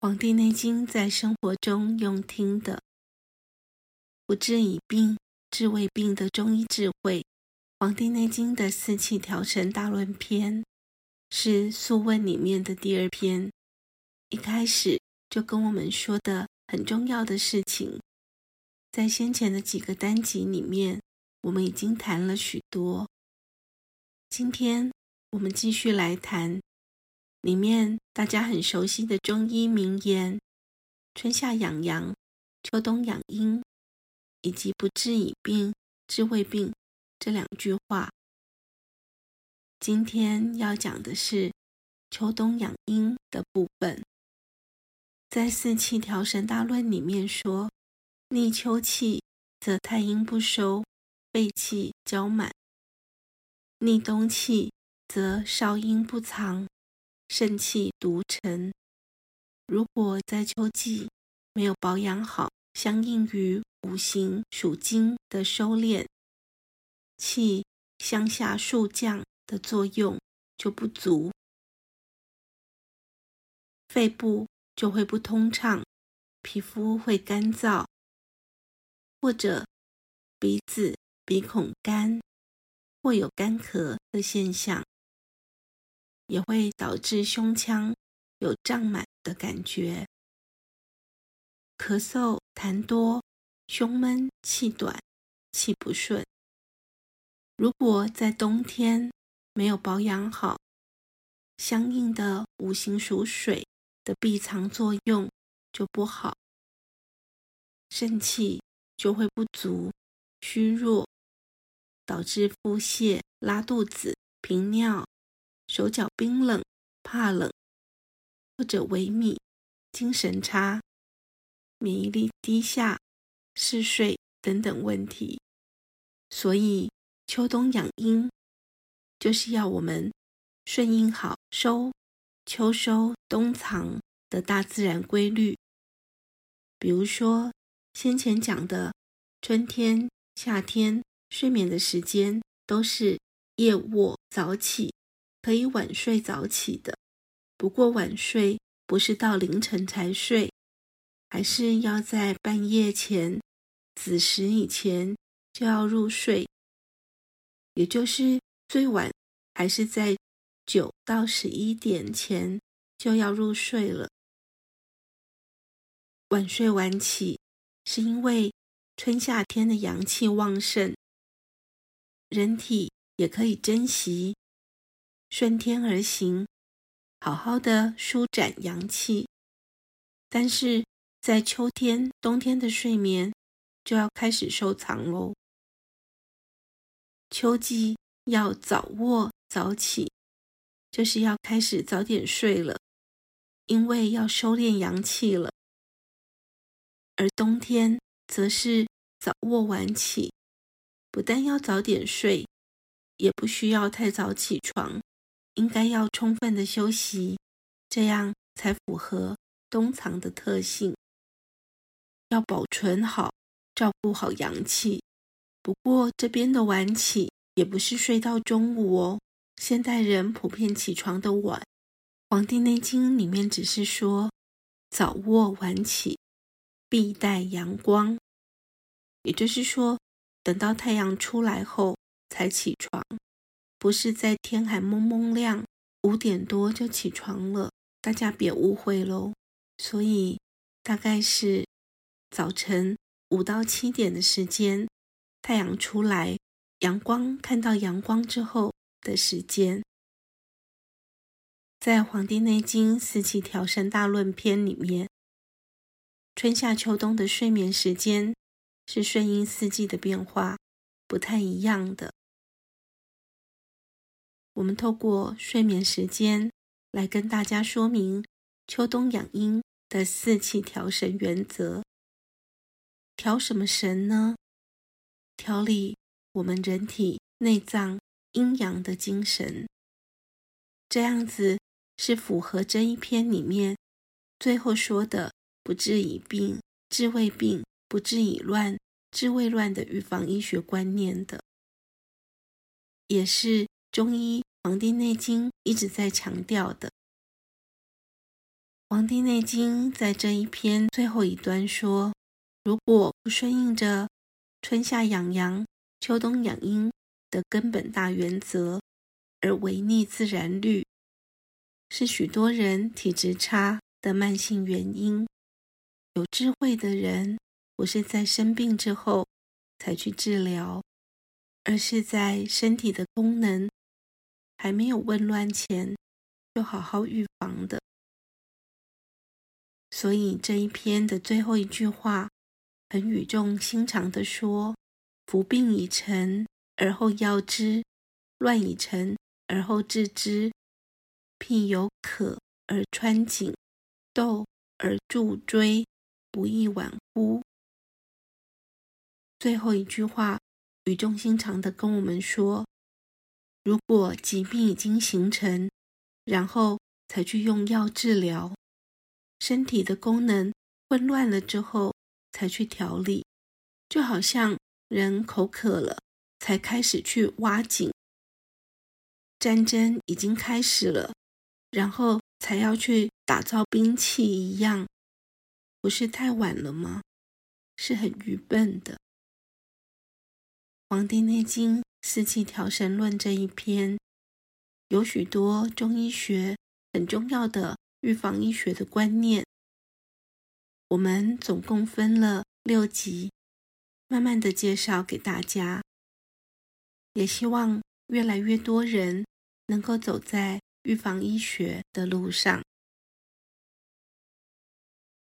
《黃帝內經》在生活中用聽的，不治已病，治未病的中醫智慧。《黃帝內經》的四氣調神大論篇是《素問》裡面的第二篇，一開始就跟我們說的很重要的事情，在先前的幾個單集裡面，我們已經談了許多。今天我們繼續來談。裡面大家很熟悉的中醫名言“春夏養陽，秋冬養陰”，以及“不治已病，治未病”這兩句話。今天要講的是秋冬養陰的部分。在《四氣調神大論》裡面說：“逆秋氣，則太陰不收，肺氣焦滿；逆冬氣，則少陰不藏。”腎氣獨沉。如果在秋季沒有保養好，相應於五行屬金的收斂，氣向下肅降的作用就不足，肺部就會不通暢，皮膚會乾燥，或者鼻子鼻孔乾，或有乾咳的現象。也會導致胸腔有脹滿的感覺，咳嗽、痰多，胸悶、氣短，氣不順。如果在冬天沒有保養好，相應的五行屬水的閉藏作用就不好，腎氣就會不足、虛弱，導致腹瀉、拉肚子、頻尿。手腳冰冷、怕冷，或者萎靡、精神差、免疫力低下、嗜睡等等問題，所以秋冬養陰就是要我們順應好收、秋收冬藏的大自然規律。比如說，先前講的春天、夏天睡眠的時間都是夜臥早起，可以晚睡早起的，不過晚睡不是到凌晨才睡，還是要在半夜前子時以前就要入睡，也就是最晚還是在九到十一點前就要入睡了。晚睡晚起是因為春夏天的陽氣旺盛，人體也可以珍惜。順天而行，好好的舒展陽氣。但是在秋天、冬天的睡眠就要開始收藏嘍。秋季要早臥早起，這、就是要開始早點睡了，因為要收斂陽氣了。而冬天則是早臥晚起，不但要早點睡，也不需要太早起床。應該要充分地休息，這樣才符合冬藏的特性。要保存好，照顧好陽氣。不過這邊的晚起也不是睡到中午哦。現代人普遍起床的晚，《黃帝內經》裡面只是說早臥晚起，必待陽光，也就是說等到太陽出來後才起床。不是在天還蒙蒙亮五點多就起床了，大家別誤會嘍。所以大概是早晨五到七點的時間，太陽出來，陽光看到陽光之後的時間。在《黃帝內經·四氣調神大論篇》裡面，春夏秋冬的睡眠時間是順應四季的變化，不太一樣的。我們透過睡眠時間來跟大家說明秋冬養陰的四氣調神原則。調什麼神呢？調理我們人體內臟陰陽的精神。這樣子是符合這一篇裡面最後說的“不治已病，治未病，不治已亂，治未亂”的預防醫學觀念的，也是。中醫《黃帝內經》一直在強調的，《黃帝內經》在這一篇最後一段說：“如果不順應着春夏養陽、秋冬養陰的根本大原則，而違逆自然律，是許多人體質差的慢性原因。有智慧的人不是在生病之後才去治療，而是在身體的功能。”還沒有紊亂前，就好好預防的。所以這一篇的最後一句話，很語重心長地說：“夫病已成而後藥之，亂已成而後治之，譬猶渴而穿井，鬭而鑄錐，不亦晚乎？”最後一句話，語重心長的跟我們說。如果疾病已經形成，然後才去用藥治療，身體的功能混亂了之後才去調理，就好像人口渴了才開始去挖井，戰爭已經開始了，然後才要去打造兵器一樣，不是太晚了嗎？是很愚笨的。《黃帝內經》。《四氣調神論》這一篇有許多中醫學很重要的預防醫學的觀念，我們總共分了六集，慢慢的介紹給大家，也希望越來越多人能夠走在預防醫學的路上。